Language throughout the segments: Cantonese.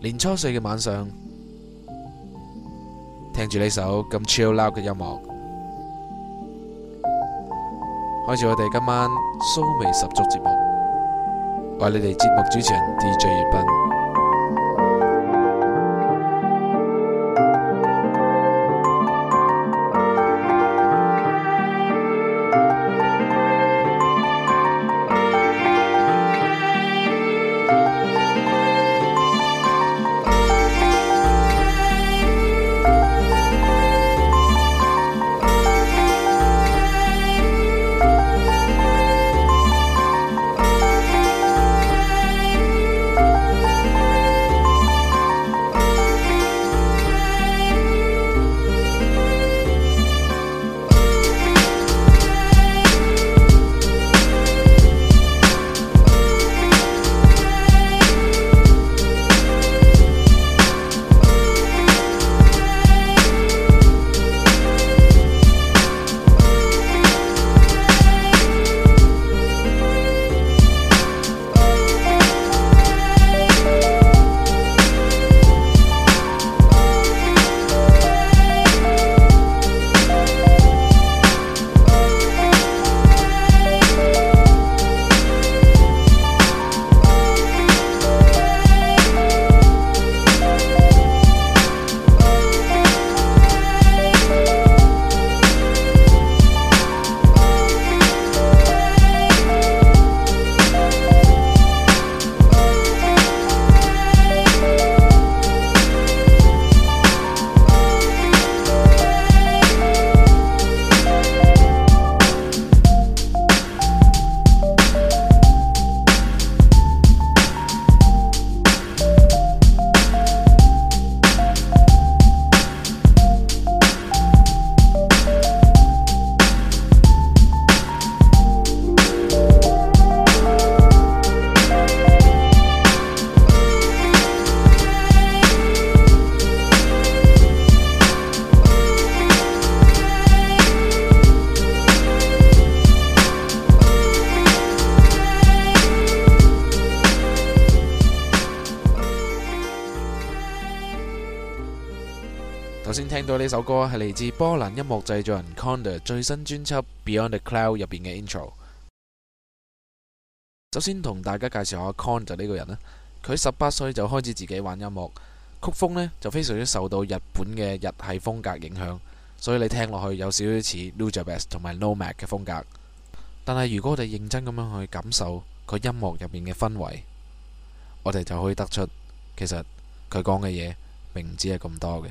年初四嘅晚上，聽住呢首咁 chill out 嘅音樂，開始我哋今晚酥味十足節目，為你哋節目主持人 DJ 熱奔。聽到呢首歌係嚟自波蘭音樂製作人 Kondor 最新專輯《Beyond the Cloud》入邊嘅 Intro。首先同大家介紹下 Kondor 呢個人啦，佢十八歲就開始自己玩音樂，曲風呢就非常之受到日本嘅日系風格影響，所以你聽落去有少少似 Nujabes 同埋 Nomak 嘅風格。但係如果我哋認真咁樣去感受佢音樂入邊嘅氛圍，我哋就可以得出，其實佢講嘅嘢並唔止係咁多嘅。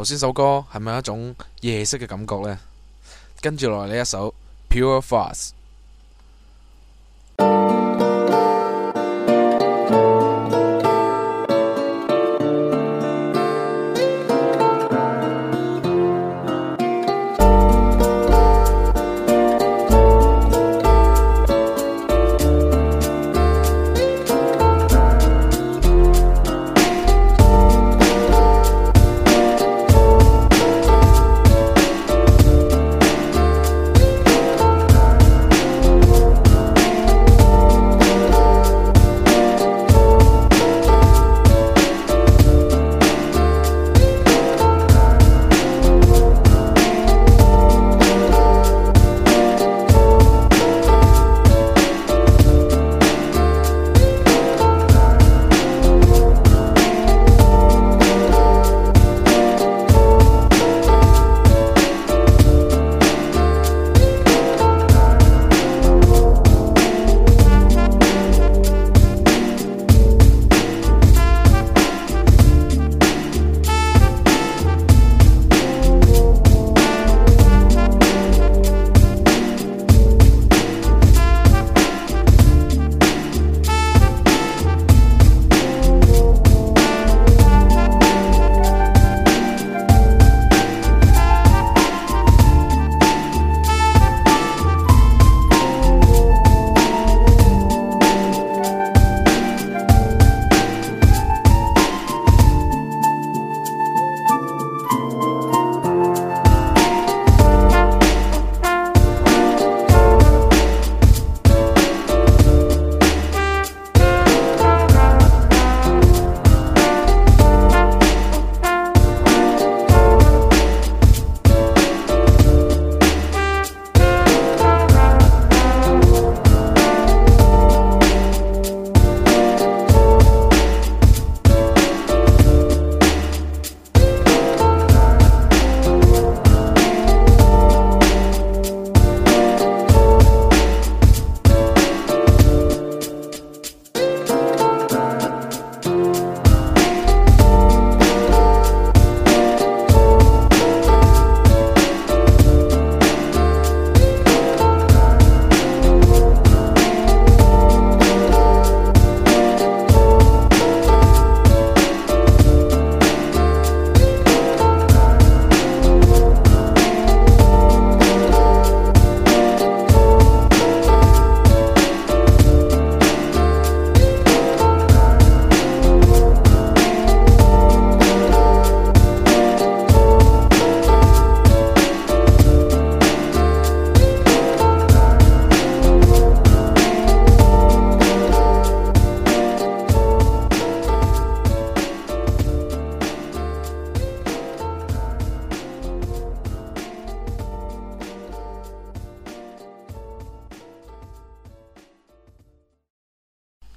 頭先首歌係咪一種夜色嘅感覺呢？跟住落嚟呢一首《Pure Fuzz》。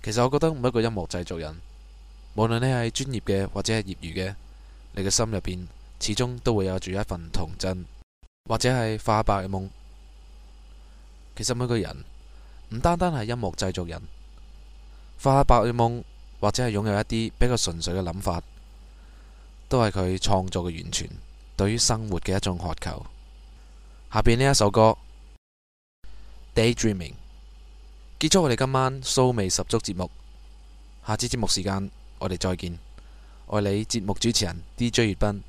其實我覺得每一個音樂製作人，無論你係專業嘅或者係業餘嘅，你嘅心入邊始終都會有住一份童真，或者係化白嘅夢。其實每個人唔單單係音樂製作人，化白嘅夢或者係擁有一啲比較純粹嘅諗法，都係佢創作嘅源泉，對於生活嘅一種渴求。下邊呢一首歌《Daydreaming》。結束我哋今晚騷味十足節目，下次節目時間我哋再見。愛你，節目主持人 DJ 粵斌。